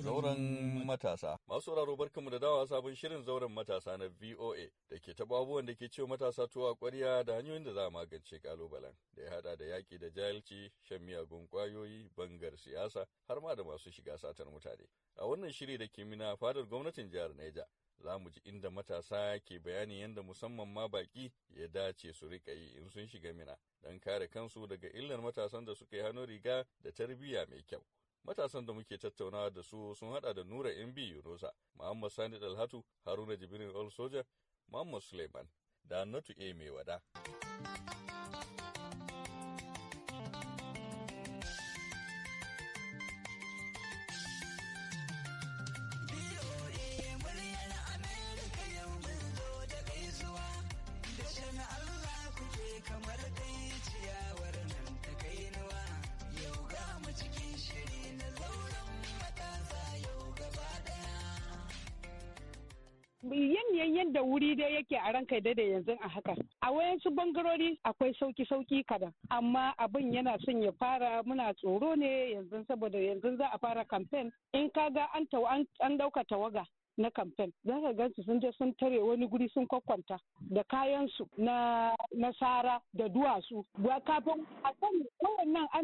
Zauren matasa. Masu sauraro barkanmu da dawa sabon shirin zauren matasa na VOA da ke taɓa abubuwan da ke ce matasa tuwa ƙwarya da hanyoyin da za a magance ƙalubalen da ya haɗa da yaƙi da jahilci, shan miyagun ƙwayoyi, bangar siyasa har ma da masu shiga satar mutane. A wannan shiri da ke mina fadar gwamnatin jihar Neja. Za mu ji inda matasa ke bayani yadda musamman ma baƙi ya dace su riƙa yi in sun shiga mina don kare kansu daga illar matasan da suka yi hannu riga da tarbiyya mai kyau. Matasan da muke tattaunawa da su sun hada da Nura MB Yunusa, Muhammad Sani Dalhatu, Haruna Jibirin All Soja, Muhammad Suleiman, da Natu A. Mai Wada. yanayin yadda wuri dai yake a ranka da yanzu a haka a wayansu bangarori akwai sauki sauki kadan amma abin yana son ya fara muna tsoro ne yanzu saboda yanzu za a fara kamfen in kaga an an dauka tawaga na kamfen za ka gansu sun je sun tare wani guri sun kwakwanta da kayansu na nasara da duwatsu kafin a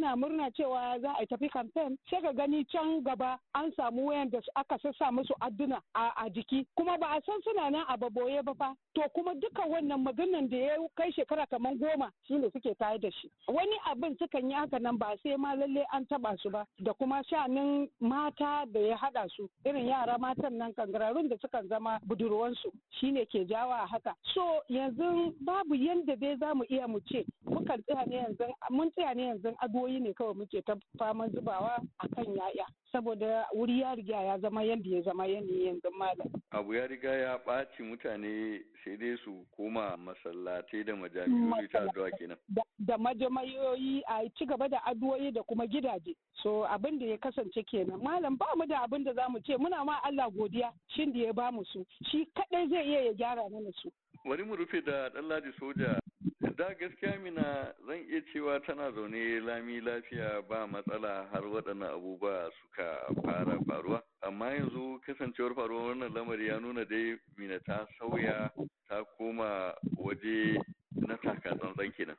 ana murna cewa za a tafi kamfen sai ka gani can gaba an samu wayan da aka sassa musu adduna a jiki kuma ba a san suna nan a baboye ba fa to kuma duka wannan maganan da ya kai shekara kamar goma shine suke tare da shi wani abin sukan yi haka nan ba sai ma lalle an taba su ba da kuma shanin mata da ya hada su irin yara matan nan kangararun da sukan zama budurwansu shine ke jawa haka so yanzu babu yanda dai za iya mu ce mukan tsaya ne yanzu mun tsaya ne yanzu agoyi ne kawai muke ta fama zubawa a kan yaya saboda wuri ya riga ya zama yadda ya zama ya yanzu malam. Abu ya riga ya ɓaci mutane sai dai su koma masallatai da majami'oyi ta addu'a kenan. Da majami'oyi a ci gaba da addu'o'i da kuma gidaje. So abin da ya kasance kenan malam ba mu da abin da za mu ce muna ma Allah godiya shin da ya bamu su shi kadai zai iya ya gyara mana su. bari mu rufe da ɗanladi soja da gaskiya mina zan iya cewa tana zaune lami lafiya ba matsala har waɗannan abubuwa suka fara faruwa amma yanzu kasancewar faruwar wannan lamari ya nuna dai mina ta sauya ta koma waje na takatsantsan kenan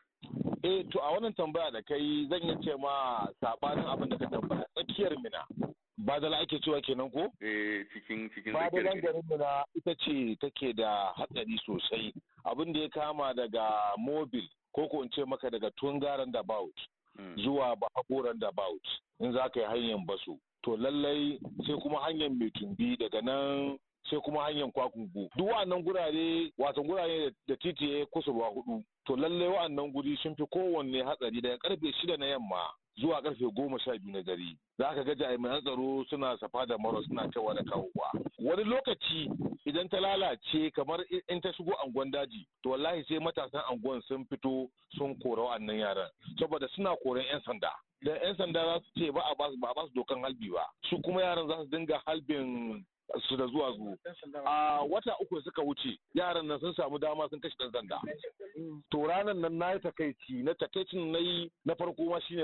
eh to a wannan tambaya da kai zan iya ce ma sabanin abin da ka tambaya tsakiyar mina badala ake cewa kenan ko? Eh cikin cikin Badalan garin na ita ce take da hatsari sosai abin da ya kama daga mobil ko ko in ce maka daga tungaren da baut hmm. zuwa bahakoran da baut in za ka yi hanyar basu to lallai sai kuma hanyar mai tumbi daga nan sai kuma hanyar kwakungu duk wa'annan gurare wasan gurare da titi ya kusurwa hudu to lallai wa'annan guri sun fi kowanne hatsari daga karfe shida na yamma zuwa karfe goma sha biyu na dare za ka ga jami'an tsaro suna safa da maro suna cewa da kawowa wani lokaci idan ta lalace kamar in ta shigo angon daji to wallahi sai matasan angon sun fito sun kora wannan yaran saboda suna koran 'yan sanda da 'yan sanda za su ce ba a ba su dokan halbi ba su kuma yaran za su dinga halbin su da zuwa zu a wata uku suka wuce yaran nan sun samu dama sun kashe dan zanda. to ranan nan na yi takaici na takaicin na yi na farko ma shine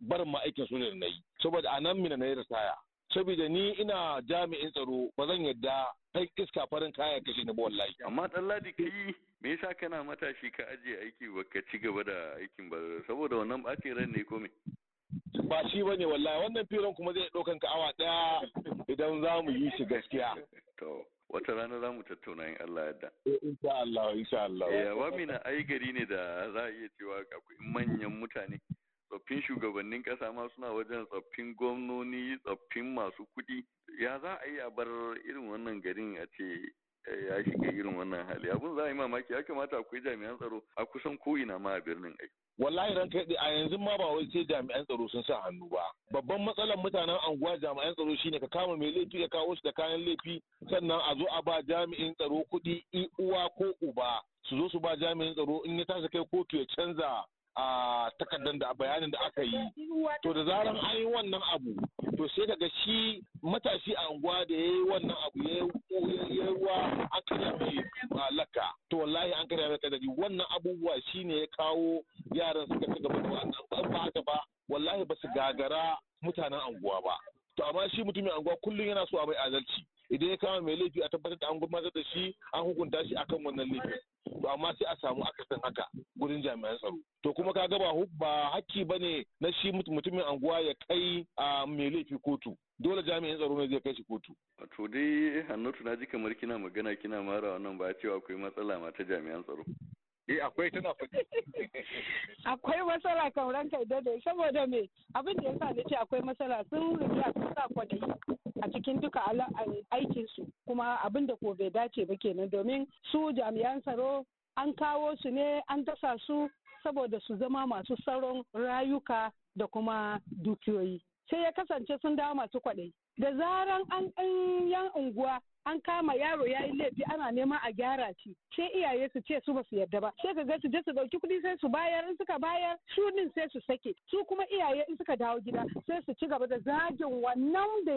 barin ma aikin su ne na yi saboda a nan mina na yi ritaya saboda ni ina jami'in tsaro ba zan yadda kai iska farin kaya kashe ni ba wallahi amma dan ladi kai me yasa kana matashi ka ajiye aiki baka ci gaba da aikin ba saboda wannan bacin ran ne ko me ba shi bane, wallahi wannan firan kuma zai ɗaukan ka awa ɗaya idan za mu yi shi gaskiya. To, wata rana za mu tattauna in Allah yadda. Eh, insha Allah, insha Allah. Eh, wamina ai gari ne da za a iya cewa akwai manyan mutane. Tsoffin shugabannin kasa ma suna wajen tsoffin gwamnoni, tsoffin masu kuɗi. Ya za a yi a bar irin wannan garin a ce Eh, ya shiga irin wannan hali abun za a yi mamaki ya kamata akwai jami'an tsaro a kusan ko'ina ma a birnin ai wallahi ran kai a yanzu ma ba wai sai jami'an tsaro sun sa hannu ba babban matsalar mutanen anguwa jami'an tsaro shine ka kama mai laifi ka kawo shi da kayan laifi sannan a zo a ba jami'in tsaro kuɗi uwa ko uba su zo su ba jami'in tsaro in ya tashi kai kotu ya canza a takardar da bayanin da aka yi to da zaran an yi wannan abu to sai daga shi matashi a unguwa da ya yi wannan abu ya yi ruwa an karya mai laka to wallahi an karya mai kadari wannan abubuwa shi ne ya kawo yaran suka ci gaba da ba haka ba wallahi ba su gagara mutanen unguwa ba to amma shi mutumin unguwa kullum yana so a mai adalci idan ya kama mai laifi a tabbatar da an gurmatar da shi an hukunta shi akan wannan laifi to amma sai a samu akasin haka gurin jami'an tsaro to kuma ka ba ba hakki bane na shi mutumin anguwa ya kai a mai laifi kotu dole jami'in tsaro ne zai kai shi kotu to dai hannatu na ji kamar kina magana kina mara wannan ba cewa akwai matsala ma ta jami'an tsaro Eh akwai tana fadi. Akwai matsala kan ranka idan da saboda me abin da yasa nace akwai matsala sun riga sun sa kwadayi a cikin duka aikin su kuma abin da ko bai dace ba kenan domin su jami'an tsaro an kawo su ne an dasa su saboda su zama masu tsaron rayuka da kuma dukiyoyi. Sai ya kasance sun dawo masu kwaɗayi. da zaran an yan unguwa an kama yaro ya yi laifi ana neman a gyara shi sai iyaye su ce su ba su yarda ba sai ka ga su je su dauki kuɗi sai su bayar in suka bayar su sai su sake su kuma iyaye in suka dawo gida sai su ci gaba da zagin wannan da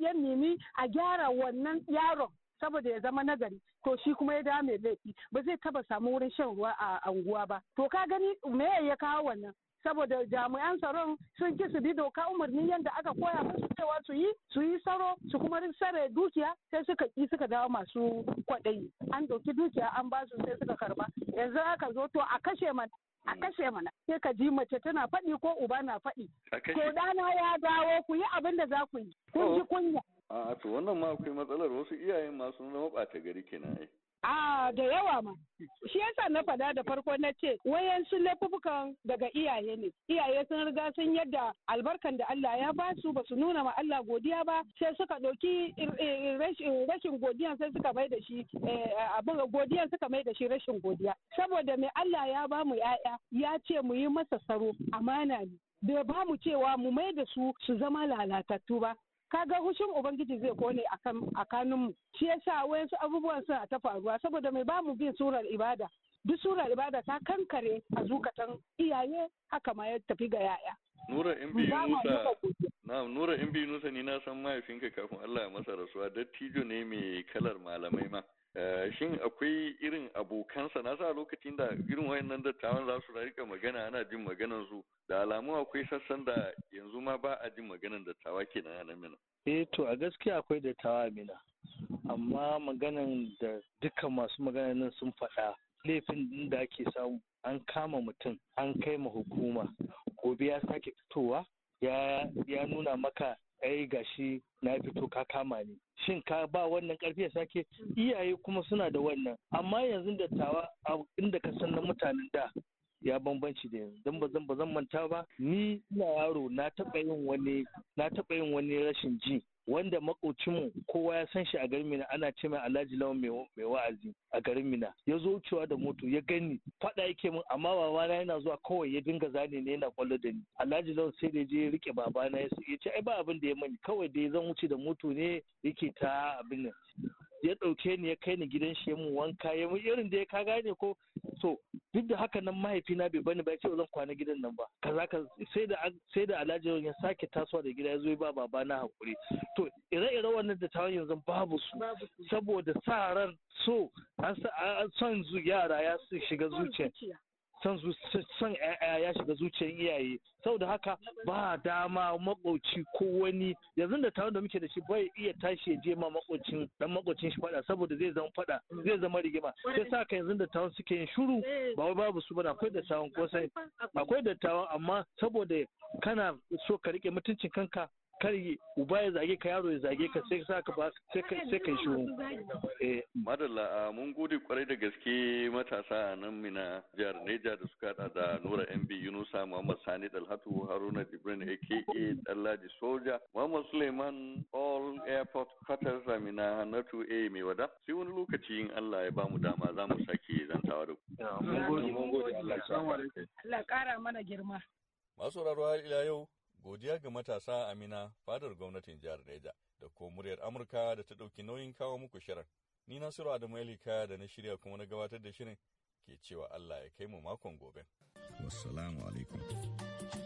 ya nemi a gyara wannan yaron saboda ya zama nagari to shi kuma ya dame laifi ba zai taba samu wurin shan ruwa a unguwa ba to ka gani me ya kawo wannan saboda jami'an tsaron sun ki su bi doka umarni yadda aka koya musu cewa su yi su yi tsaro su kuma sare dukiya sai suka ki suka dawo masu kwaɗayi an ɗauki dukiya an ba su sai suka karba yanzu aka zo to a kashe mana a kashe mana sai ka ji mace tana faɗi ko uba na faɗi ko dana ya dawo ku yi abin da za ku yi kun ji oh. kunya. a to wannan ma akwai matsalar wasu iyayen ma sun zama ɓata gari kenan ai. A da yawa ma. Shi yasa na faɗa da farko na ce wayansu laifukan daga iyaye ne. Iyaye sun riga sun yadda albarkan da Allah ya ba su ba su nuna ma Allah godiya ba sai suka ɗauki rashin godiya sai suka mai da shi eh, abin godiya suka mai da shi rashin godiya. Saboda mai Allah ya ba mu 'ya'ya ya ce mu yi masa tsaro amana ne. da ba mu cewa mu mai da su su zama lalatattu ba Ka ga hushin ubangiji zai kone a mu shi yasa wayansu abubuwan suna ta faruwa saboda mai bamu bin surar ibada duk surar ibada ta kankare a zukatan iyaye haka ma ya tafi ga yaya nura in bi Musa na nura in biyu nusa ni na san mahaifinka kafin Allah ya masa rasuwa dattijo ne mai kalar malamai ma Eh, shin akwai irin abokansa na sa lokacin da irin wayannan dattawan za su rika magana ana jin maganan su da alamu akwai sassan da yanzu ma ba a jin maganan dattawa kenan a nan mina eh to a gaskiya akwai dattawa mina amma maganan da dukkan masu magana nan sun faɗa laifin da ake samu an kama mutum an kai ma hukuma gobe ya sake fitowa ya nuna maka ai gashi na fito ka kama ni shin ka ba wannan karfi ya sake iyaye kuma suna da wannan amma yanzu da tawa inda ka san na mutanen da ya bambanci da yanzu don ba zan manta ba ni ina yaro na taɓa yin wani na taba yin wani rashin ji wanda makocinmu kowa ya san shi a garin mina ana ce mai alhaji lawan mai wa'azi a garin mina ya zo wucewa da moto ya gani faɗa yake min amma babana yana zuwa kawai ya dinga zane ne yana kwallo da ni alhaji lawan sai da je ya rike babana ya ce ai ba abin da ya mani kawai da zan wuce da moto ne yake ta abin ya ɗauke ni ya kai ni gidan shi mu wanka ya mu irin da ya ka ne ko so duk da haka nan mahaifina bai bani ba ya ce zan kwana gidan nan ba kaza ka sai da sai da alhaji ya sake tasowa da gida ya zo ba baba na hakuri to ire-ire wannan da tawon yanzu babu su saboda sa ran so an son yara ya shiga zuciya son ya shiga zuciyar iyaye da haka ba dama makoci ko wani yanzu da tare da muke da shi bai iya tashi ya je ma makocin dan makocin shi fada saboda zai zama fada zai zama rigima sai sa ka yanzu da tawon suke yin shiru ba wai babu su bane akwai da tawon kosai akwai da tawon amma saboda kana so ka rike mutuncin kanka kar uba ya zage ka yaro ya zage ka sai sa ka sai ka shiru eh madalla mun gode kwarai da gaske matasa a nan mina jihar Neja da suka hada da Nura MB Yunusa Muhammad Sani Dalhatu Haruna Jibrin AKA Dallaji Soja Muhammad Suleiman All Airport Qatar Ramina Hannatu A mai wada sai wani lokaci in Allah ya bamu dama za mu sake zantawa da ku mana girma masu ila yau godiya ga matasa Amina fadar gwamnatin jihar Neja da ko muryar Amurka da ta ɗauki nauyin kawo muku shirin. Ni Nasiru Adamu Elika da na shirya kuma na gabatar da shirin ke cewa Allah ya kai mu makon gobe. Wassalamu alaikum.